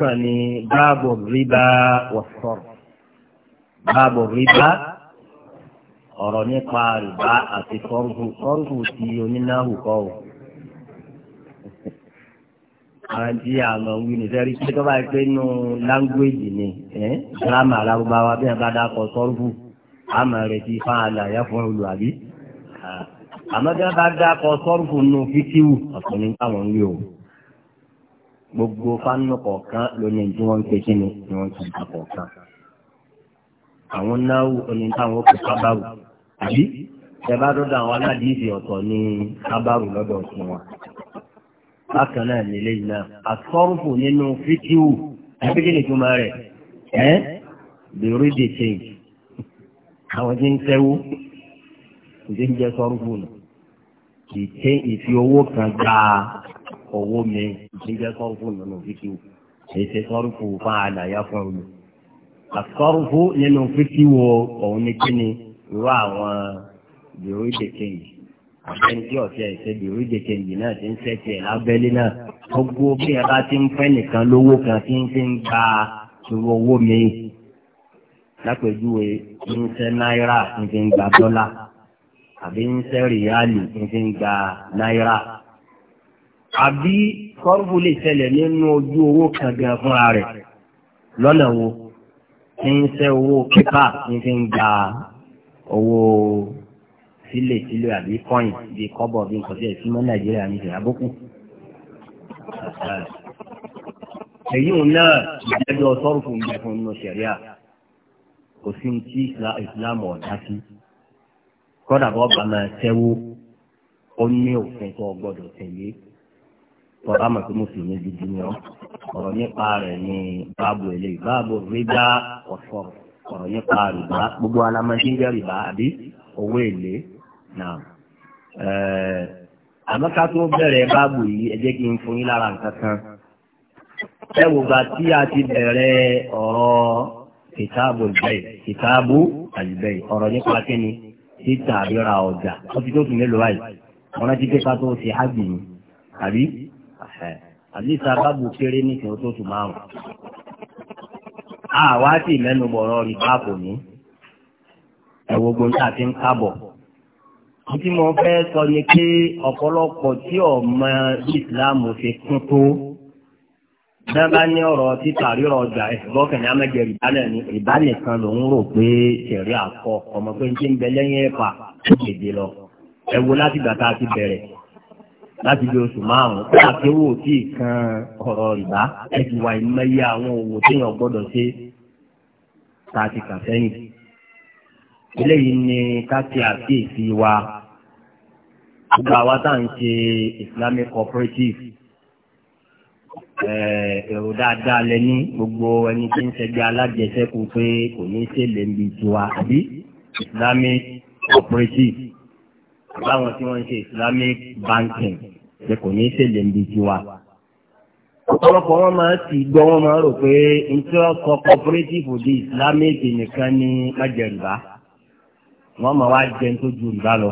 sàn ní báàbò rìbá wọ̀sọ̀rọ̀ báàbò rìbá ọ̀rọ̀ nípa rìbá àti kọ́rùkù kọ́rùkù ti onínáhù kọ́ o. àwọn tí àwọn wí ní sẹ́rí pé tó bá yẹ pé nù láńgbéèjì ni gírámà lárúbáwá bí wọn bá dákọ̀ kọ́rùkù àmọ́ rẹ̀ ti fún àlàyé fún olù àbí. àmọ́ bí wọn bá dákọ̀ kọ́rùkù nù fítíwù ọ̀sán ní káwọn ń wí o gbogbo fánù kọ̀ọ̀kan lónìí tí wọ́n ń pè kí ni tí wọ́n ń pè ká kọ̀ọ̀kan. àwọn náwó oní táwọn ó kó kábàrù àbí ẹ bá dọ́dọ̀ àwọn aládìísì ọ̀tọ̀ ní kábàrù lọ́dọ̀ ọ̀sùn wọn. bákan náà nílé yìí náà àtọ́rùfù nínú fídíò ẹbí kí ni túmọ̀ rẹ̀ ẹ́ bèrè dèjè àwọn tí ń tẹ́wó kò sí ń jẹ́ sọ́rùfù nù kì í tẹ́ ìfi owó kan gbáà owó mi jíjẹ sọ́rùfù nínú fíkìwù èyí ṣe sọ́rùfù fún àlàyé fún mi. àsọ́rùfù nínú fíkìwù òun ni kí ni irú àwọn bìrú ìdèkè àtẹnudí ọ̀sẹ̀ ẹ̀sẹ̀ bìrú ìdèkè náà ti ń ṣẹ̀ṣẹ̀ lábẹ́lé náà gbogbo bí ẹ ti ń fẹ́ nìkan lówó kan tí ń fi ń gba irú owó mi lápèjúwe ń ṣe náírà ń fi ń gba dọ́là àbí ń ṣe rìálì ń fi ń gba náírà àbí kọ́rùbù lè ṣẹlẹ̀ nínú ojú owó kan gan fúnra rẹ̀ lọ́nà wo tí ń ṣe owó pépà ní fi ń gba owó sílẹ̀ sílẹ̀ àbí kọ́ìn bíi kọ́bọ̀ bíi nǹkan tí ẹ̀ sí mọ́ nàìjíríà ní ìṣẹ̀lẹ̀ àbókù. èyí ò náà ìdájọ́ sọ́rùfù ń bẹ fún inú ṣẹ̀ríà kò sí ní tí ìsìlámù ọ̀dá sí kọ́dà bọ́ bá máa ó ní òfin tó gbọ́dọ̀ tẹ̀lé tọ́lá mọ̀ pé ní gidi ni ọ́ ọ̀rọ̀ nípa rẹ̀ ní báàbù eléyìí báàbù rìbá ọ̀fọ̀ ọ̀rọ̀ nípa rìbá gbogbo alamọ̀dínjẹ́ rìbá àbí owó èlé náà. tó bẹ̀rẹ̀ yìí ẹ jẹ́ kí n fún yín lára nǹkan kan. ẹ wò tí a ti bẹ̀rẹ̀ ọ̀rọ̀ kìtàbù kìtàbù ọ̀rọ̀ nípa kíni títà ríra ọjà ó ti tó mélòó àbí sábàbù kéré nìkan tó tù márùn. àwa sì mẹ́nu bọ̀rọ̀ rí báàbò ní ẹ̀wọ̀ gbòǹtà ti ń kábọ̀. tí mo fẹ́ sọ ni pé ọ̀pọ̀lọpọ̀ tí ọmọ ìsìláàmù ṣe kún tó dábà ní ọ̀rọ̀ títà rírọ̀ ọjà ìfọ̀kànlá mẹ́jẹ ìbá nìkan ló ń rò pé ṣẹ̀rí àkọ́ ọmọ pé ń ti ń bẹ lẹ́yìn ẹ̀fà tó gbèdé lọ ẹ̀wọ̀ láti gbà tá a ti bẹ̀rẹ̀ láti bí oṣù márùn-ún kí àkéwò tí kan ọ̀rọ̀ ìbá ẹ ti wà ìmọ̀ye àwọn òwò téèyàn gbọ́dọ̀ ṣe tá a ti kà sẹ́yìn. eléyìí ni ká àkíyèsí wa gbogbo àwa tá à ń ṣe Islamic cooperative eh, èrò dáadáa lẹ́ni gbogbo ẹni tí ń ṣẹgbẹ́ alájẹsẹ́kù pé kò ní í ṣèlè ń bi tiwa àbí Islamic cooperative láwọn tí wọ́n ń ṣe islamic banking ṣe kò ní í ṣe lè ń di tiwa. ọ̀pọ̀lọpọ̀ wọn máa ti gbọ́ wọn máa rò pé ntí wọ́n sọ cooperative di islamic nìkan ní májèlúbá wọ́n máa wá jẹun tó ju ìbá lọ.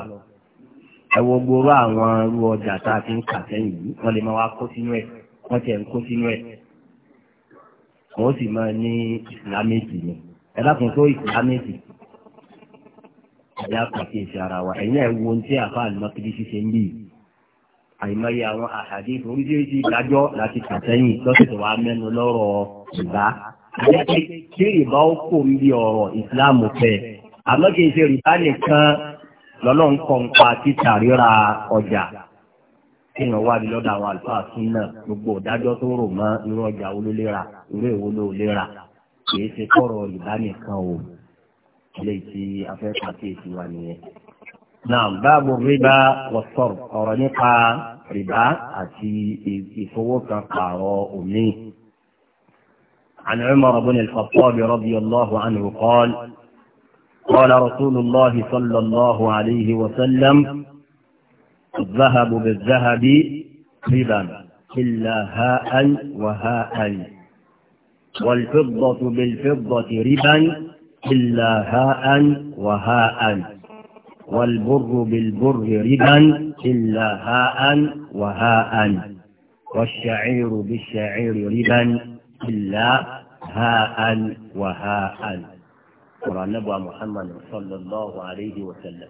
ẹ wo gbogbo àwọn irú ọjà tá a fi ń kà sẹ́yìn yìí wọ́n lè máa wá kó sínú ẹ̀ wọ́n tiẹ̀ ń kó sínú ẹ̀ wọ́n sì máa ní islamic ni ẹ dákun tó islamic ẹ̀yà pàkíyèsí ara wa ẹ̀yìn ẹ̀ wo tí àfa àlùmọ́kìdí ṣiṣẹ́ ń bì àìmọye àwọn àhàdé oríṣiríṣi ìdájọ́ láti kàtẹ́yìn lọ́sọ̀tọ̀ wa mẹ́nu lọ́rọ̀ ìbá àyẹ̀kẹ́ kí ìbá ó kò ń bí ọ̀rọ̀ ìsìláàmù fẹ́ àmọ́ kì í ṣe rìbá nìkan lọ́lọ́run kọ́ ń pa títà ríra ọjà kéèyàn wá di lọ́dọ̀ àwọn àlùfáà tún náà gbogbo ìdájọ́ tó rò mọ́ irú ọjà olólera نعم باب الربا والصرف pàkíyèsí wa nìyẹn. náà báàbò rìbá عن عمر بن الخطاب رضي الله عنه قال قال رسول الله صلى الله عليه وسلم الذهب بالذهب ربا إلا هاء وهاء والفضة بالفضة ربا إلا هاء وهاء والبر بالبر ربا إلا هاء وهاء والشعير بالشعير ربا إلا هاء وهاء قرآن نبوة محمد صلى الله عليه وسلم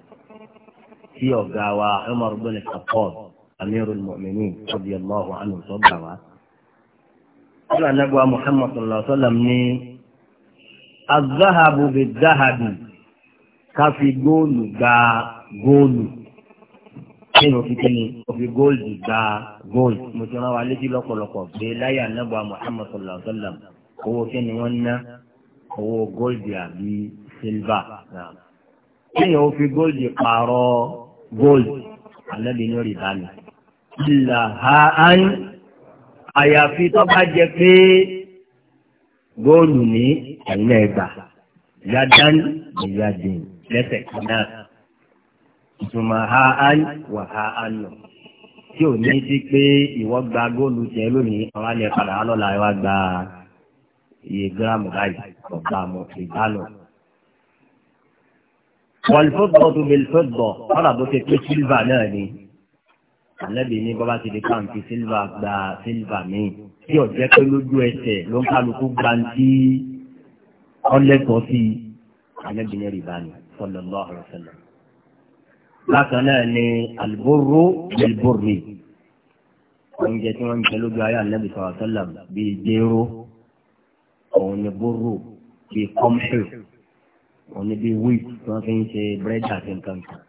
في أوقاوى عمر بن الخطاب أمير المؤمنين رضي الله عنه صلى الله عليه وسلم قرآن نبوة محمد صلى الله عليه وسلم azahabu bi zahabi ká fi góòlù gba góòlù kéèyàn fi kíni ó fi góòlù gba góòlù mo ti rán wa létí lọ́pọ̀lọpọ̀ pé láyà nàbà muhammad sallallahu alayhi wa sallam owó kíni wọ́n ná owó góòlù àbí sílvà kéèyàn ó fi góòlù pààrọ̀ góòlù alẹ́bí ní orí ìbánu. ìlà ha án àyàfi tó bá jẹ pé góòlù ní ẹ̀yìn ẹgbà yadan ìyadin lẹ́sẹ̀ náà ìtumọ̀ ha án wà ha án nù. tí ò ní sí pé ìwọ gba góòlù jẹ lónìí ọ̀rá ni padà wà lọ́la ìwà gba iye gíráàmù báyìí ọ̀gá àmọ̀ ìbálò. wàlúfọ́dọ̀ tó bẹ̀lúfọ́dọ̀ kọ́dà bó ṣe pé sílvà náà ni. àlẹ́bí ní bọ́lá ti di káàǹtì sílvà gba sílvà míì tí ọ̀jẹ́ pé lójú ẹsẹ̀ ló ń kálukú gbantí ọlẹ́tọ̀ sí alẹ́bìnrin rìbá ni sallallahu alaihi wasallam. bákan náà ni alburru bilburri oúnjẹ tí wọ́n ń jẹ lójú ayé alẹ́bí sallallahu alaihi wasallam bíi jéró òun ni burru bíi kọ́mṣù òun ni bíi wíìt tí wọ́n fi ń ṣe búrẹ́dì àti nǹkan kan.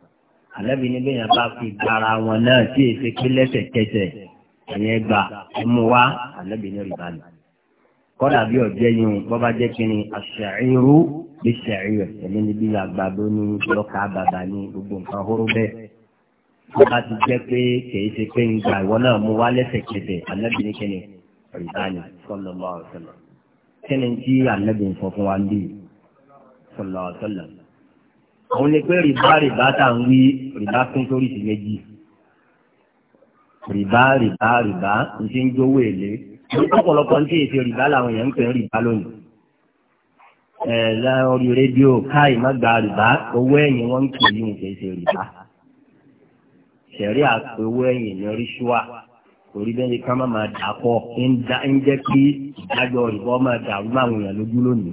alẹ́bí ní bá fi gbára wọn náà sí èsèké lẹ́sẹ̀kẹsẹ̀ ẹ̀yìn ẹgbà ẹmu wá ànábì ní rìbá ni. kọ́dà bí ọ̀jẹ́ yìí wọ́n bá jẹ́ kí ni aṣàìrú bí ṣàìrú ẹ̀mí ni bí àgbàdo ní lọ́kà bàbà ní gbogbo nǹkan hóró bẹ́ẹ̀. wọ́n bá ti jẹ́ pé kìí ṣe pé ń gba ìwọ náà mú wá lẹ́sẹ̀kẹsẹ̀ ànábì ní kíni rìbá ni sallallahu alaihi wasallam. kíni tí ànábì ń sọ fún wa ń bí sallallahu alaihi wasallam. òun ni pé rìbá rìbá tá à ń wí rìbá tún sórí ti méjì rìbá rìbá rìbá ń ti ń jówó èlé ọ̀pọ̀lọpọ̀ ń tíye ti rìbá làwọn èèyàn ń pè ń rìbá lónìí. ẹ lórí rédíò káì má gba rìbá owó ẹ̀yìn wọ́n ń kì í ní kìí ṣe rìbá. sẹ̀rí àpò owó ẹ̀yìn ní ríṣùà torí bẹ́ẹ̀ ni ká má máa dà pọ̀ ń jẹ́ kí ìdájọ́ rìbá máa dàrú láwọn èèyàn lójú lónìí.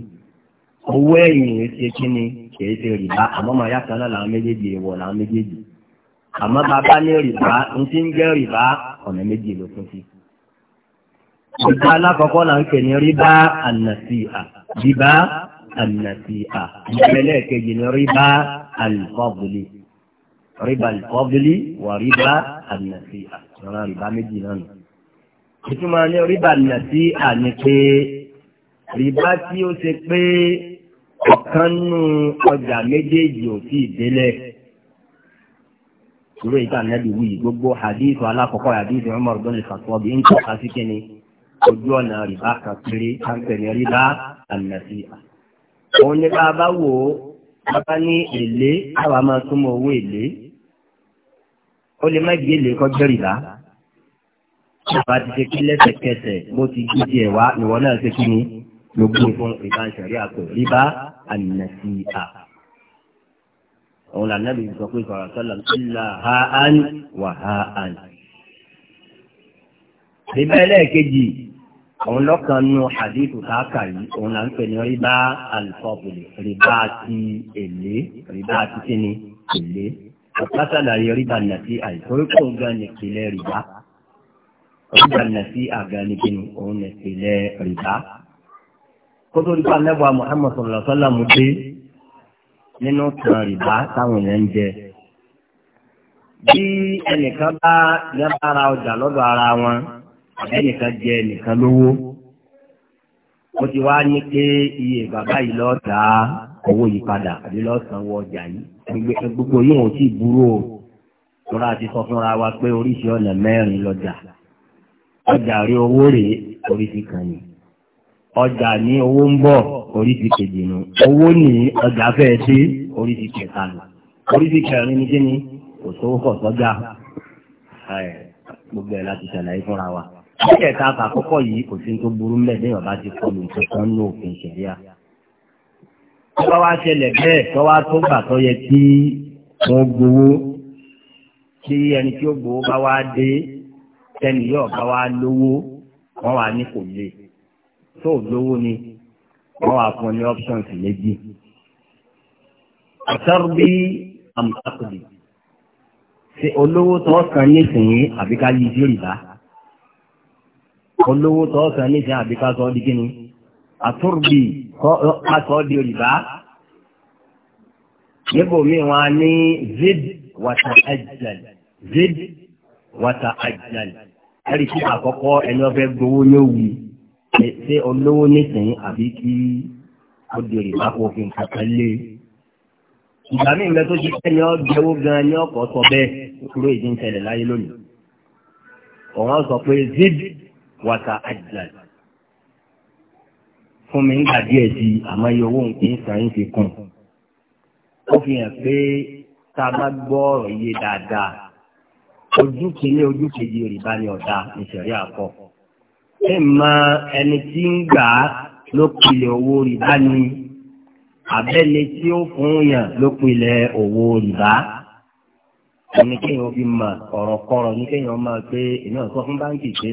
owó ẹ̀yìn ṣe kí ni kìí ṣe rìbá àmọ́ màá yàtọ̀ náà làwọn méjèèjì ìwọ̀ làwọn méjèèjì àmọ́ bàbá ní rìbá ń ti ń jẹ́ rìbá ọ̀nà méjì ló kún sí. rìbá alákọ̀ọ́kọ́ là ń pè ní rìbá ànàsíà rìbá ànàsíà ìpínlẹ̀ kejì ní rìbá àlùfọ́bùlì rìbá àlùfọ́bùlì wà rìbá ànàsíà ìran rìbá méjì náà nù. ìtumọ̀ ní rìbá ànàsíà ni pé rìbá tí ó ṣe pé ọ̀kan nù ọjà méjèèjì ò tí ì délẹ̀ ìwé ìta nẹ́bí wí gbogbo hadith alákọ̀ọ́kọ́ hadith Umar bin al-Khattab ń tọ́ka sí kíni ojú ọ̀nà rìbá kan péré káńpẹ̀ ní rìbá ànàfíà. òun ní bá a bá wò ó bàbá ní èlé àwa máa túmọ̀ owó èlé ó lè má gbé èlé kọjọ́ rìbá. bàbá ti ṣe kí lẹ́sẹ̀kẹsẹ̀ bó ti gbígbé ẹ̀ wá ìwọ náà ṣe kí ni gbogbo fún ìbáṣẹ̀rí àpò rìbá ànàfíà òun là nàbì sọ pé sọ̀rọ̀ sọ́lá ńlá ha án wà ha án. Bíbẹ́ lẹ́ẹ̀kejì, òun lọ́kàn nu hadithu káàkà yìí, òun là ń pè ní rìbá alifọ́bùlì, rìbá ti èlé, rìbá ti kíni èlé. Àkásàlà yẹ rìbá nàfi àìsóríkò gan ni ìpìlẹ̀ rìbá. Rìbá nàfi àga ni òun ìpìlẹ̀ rìbá. Kótó nípa mẹ́wàá Mùhàmmad sọ̀rọ̀ sọ́lá dé nínú tàn rìbá táwọn èèyàn ń jẹ. bí ẹnìkan bá yára ọjà lọ́dọ̀ ara wọn ẹnìkan jẹ ẹnìkan lówó ó ti wá ní pé iye bàbá yìí lọ́ọ́ ta owó yìí padà àbí lọ́ọ́ sanwó ọjà yìí gbogbo yóò ti burú o tóra ti sọ fúnra wa pé oríṣi ọ̀nà mẹ́rin lọ́jà ọjà rí owó rèé oríṣi kan ni ọjà ní owó ń bọ̀ oríṣi kejì owó ní ọjà fẹ́ dé oríṣi kẹta nù oríṣi ní kíni kò sówó kọ̀ sọ́jà gbogbo ẹ̀ láti ṣàlàyé fúnra wa kẹta àkọ́kọ́ yìí kò sí tó burú mẹ́ lẹ́yìn ọba ti kọlu nǹkan ní òfin ṣẹ̀ríà tọ́wá wá ṣẹlẹ̀ bẹ́ẹ̀ tọ́wá tó gbà tó yẹ kí wọ́n gbowó tí ẹni tí ó gbowó bá wá dé tẹ́ni bá wá lówó wọ́n wà ní kò le tó lówó ni wọ́n wà fún ní options méjì àtàrúbí àmàkùnrin ṣe olówó tó kàn nísìnyí àbí ká yí sí rìbá olówó tó kàn nísìnyí àbí ká sọ ọ́ di kíni àtàrúbí ká sọ ọ́ di rìbá níbo mi wọn á ní zid wata ajal zid wata ajal ẹ̀rí kí àkọ́kọ́ ẹni ọ̀fẹ́ gbowó ní òwú ṣé olówó nísìnyí àbí kí ó di rìbá kó fi nǹkan kan lé ìgbà míì mẹ́tò ti fẹ́ ni ọ́ jẹ́wọ́ gan-an ní ọkọ̀ sọ bẹ́ẹ̀ kúrò ìdí ń ṣẹlẹ̀ láyé lónìí òun sọ pé zid wata ajal fún mi nígbà díẹ̀ sí àmọ́ iye owó nǹkan ìsàn ti kùn ó fi hàn pé tá a bá gbọ́ ọ̀rọ̀ yé dáadáa ojú kìíní ojú kejì rìbá ni ọ̀dà ìṣẹ̀rí àkọ́kọ́ ẹ̀ mọ ẹni tí ń gbà á lópìlẹ̀ owó rìbá ni abẹ́ni tí ó fún yàn lópìlẹ̀ owó rìbá ẹni kéèyàn fi mọ ọ̀rọ̀kọ̀rọ̀ ní kéèyàn máa pé èmi ò sọ fún báńkì pé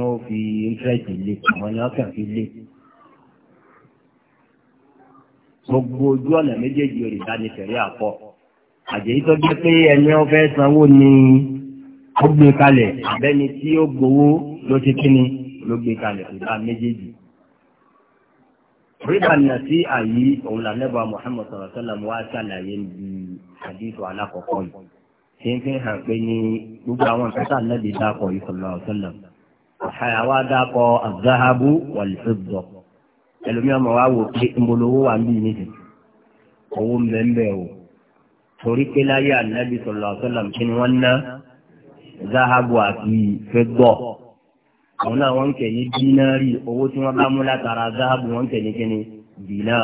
wọ́n fi interest lé àwọn ni wọ́n kàn fi lé gbogbo ojú ọ̀nà méjèèjì rìbá ni fẹ̀rí àpọ̀ àjèyí tó jẹ́ pé ẹni ó sanwó ni ó gbé kalẹ̀ abẹ́ni tí ó gbowó ló ti kíni ló gbé kalẹ̀ ìdá méjèèjì. rídà nàṣí àyí òun lànàbà Muhammad sallallahu alaihi wasallam wá ṣàlàyé bí àdìsọ alákọ̀ọ́kọ́ yìí. ṣé ń fi hàn pé ní gbogbo àwọn ìfẹ́sà náà lè dákọ̀ yìí sallallahu alaihi wasallam. àyà wa dákọ̀ az-zahabu wal-fidda. ẹlòmíràn máa wá wò pé ìmọ̀lówó wà ń bí nídìí. owó ń o torí pé láyé ànábì sallallahu kí ni wọ́n ná zahabu àti fidda àwọn náà wọ́n ń kẹ̀ ní dínárì owó tí wọ́n bá mú látara záàbù wọ́n ń kẹ̀ ní kíni dínà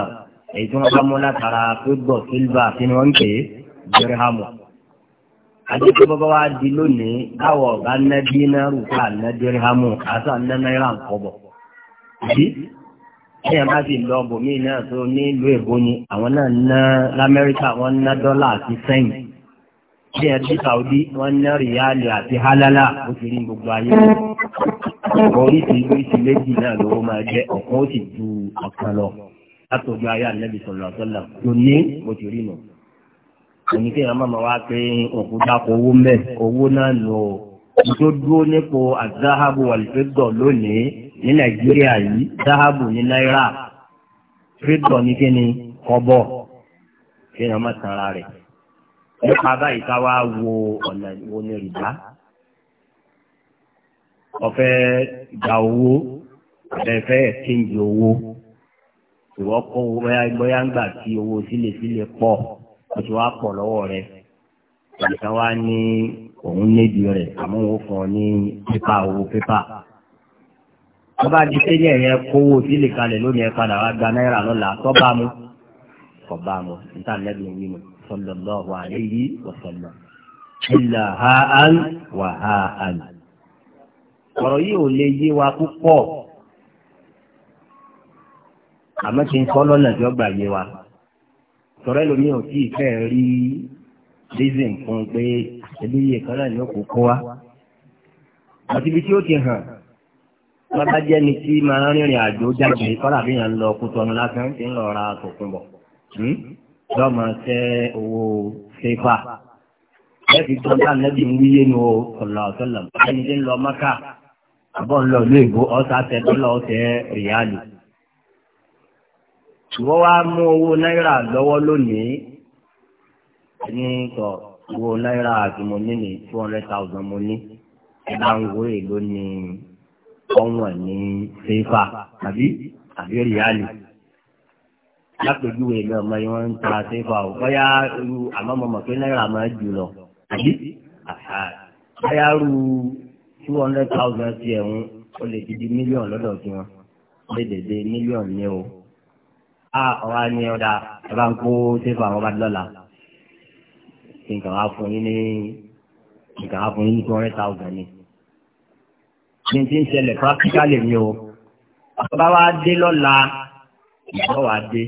èyí tí wọ́n bá mú látara pébọ̀ sílvà kí ni wọ́n ń kẹ̀ dírhámù. àdéhùn bàbá wa di lónìí báwọ̀ bá ná dínárù ká ná dírhámù àtà ná náírà ń kọ́ bọ̀. bá sì lọ bò mí náà tó nílùú èbó ni àwọn náà ná lamẹ́ríkà wọ́n ná dọ́là àti sẹ́yìn bí ẹ̀ bí Saudi wọ́n ná rìálì àti hálálà ó ti rí gbogbo ayé rẹ̀ oríṣi oríṣi méjì náà ló máa jẹ́ ọ̀kan ó sì ju ọ̀kan lọ látọjú ayé ànábì sọ̀rọ̀ àtọ́là lónìí mo ti rí nù. òní kí ẹ̀rọ máa wá pé òkú dáko owó mẹ́ owó náà lò ó tó dúró nípò àdáhàbù wàlúfẹ́dọ̀ lónìí ní nàìjíríà yìí dáhàbù ní náírà fẹ́dọ̀ ní kí ni kọ́bọ̀ kí ẹ̀rọ máa tanra rẹ̀ nípa báyìí ká wá wo ọ̀nà ìwọ ọ̀fẹ́ gba owó ẹ̀fẹ́ ẹ̀kíńjì owó ìwọ́ kó bóyá ń gbà tí owó sílẹ̀sílẹ̀ pọ̀ ọtún wá pọ̀ lọ́wọ́ rẹ̀ nǹkan wá ní òun níbi rẹ̀ àmọ́ òun fún ọ ní pépà owó pépà. wọ́n bá di pé ní ẹ̀yẹ kówó sílẹ̀ kalẹ̀ lónìí ẹ̀ padà wá gba náírà lọ́la tó bá mu kò bá mu níta nẹ́bí ń wí mu sallallahu alayhi wa sallam. illa ha'an wa ha'an ọ̀rọ̀ yìí ò lè yé wa púpọ̀ àmọ́ kí n kọ́ lọ́nà tí ó gbà yé wa tọ́rẹ́ lomi ò tí ì fẹ́ rí reason fún un pé ẹbí yìí kan náà ni ó kó kó wa àti ibi tí ó ti hàn bàbá jẹ́ ni tí máa rìnrìn àjò jáde kọ́lá bí yàn ń lọ kó tọ́nu lásán tí ń lọ ra tòkun bọ̀ lọ́mọ hmm? tẹ́ owó fífà ẹ fi tọ́jú ànábì ń wíyé nu ọ̀là ọ̀sọ́là ẹni tí ń lọ mọ́kà àbọ̀ ń lọ ìlú èbó ọ̀sà tẹ dọ́là ọ̀tẹ rìálì. wọ́n wá mú owó náírà lọ́wọ́ lónìí ní tọ̀ owó náírà àti mo ní ní two hundred thousand mo ní ẹ bá ń wó èlò ní ọ̀wọ̀n ní fífà àbí àbí rìálì lápèjúwe mi ọmọ yìí wọn ń ta sífà o bóyá irú àmọ́ mọ̀mọ́ pé náírà máa jù lọ àbí àṣà bóyá irú two hundred thousand ti ẹ̀hún ó lè ti di mílíọ̀nù lọ́dọ̀ tí wọn lè dèdè mílíọ̀nù ní o. a ọ̀rọ̀ á ní ọ̀dà ẹ bá ń kó sẹ́fà àwọn ọba lọ́la kí nǹkan á fún yín ní nǹkan á fún yín ní two hundred thousand ni. ní ti ń ṣẹlẹ̀ practically mi o bàbá wa dé lọ́la ìbá wa dé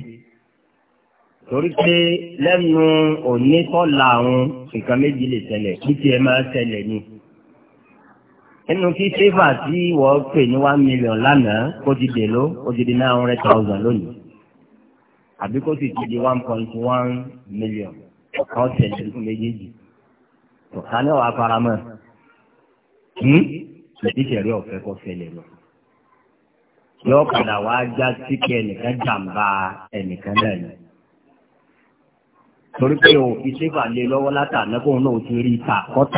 torí pé lẹ́nu òní kọ́ la àwọn nǹkan méjì lè ṣẹlẹ̀ kí tiẹ̀ máa ṣẹlẹ̀ ni nínú tí sèfà tí wọ́n pè ní one million lánàá kó ti dè ló ó ti di nine hundred thousand lónìí àbí kó sì ti di one point one million ọ̀kan tẹ̀lé fún méjèèjì ọ̀kan náà wàá faramọ́ lẹ́tí hmm? sẹ̀rí ọ̀fẹ́ kọ́ fẹlẹ̀ lọ. yọ padà wá já síkì ẹnìkan jàǹbá ẹnìkan náà ni. torí pé o ìṣèfà lé lọ́wọ́ látàná kóun náà ti rí ìta kọ́ta.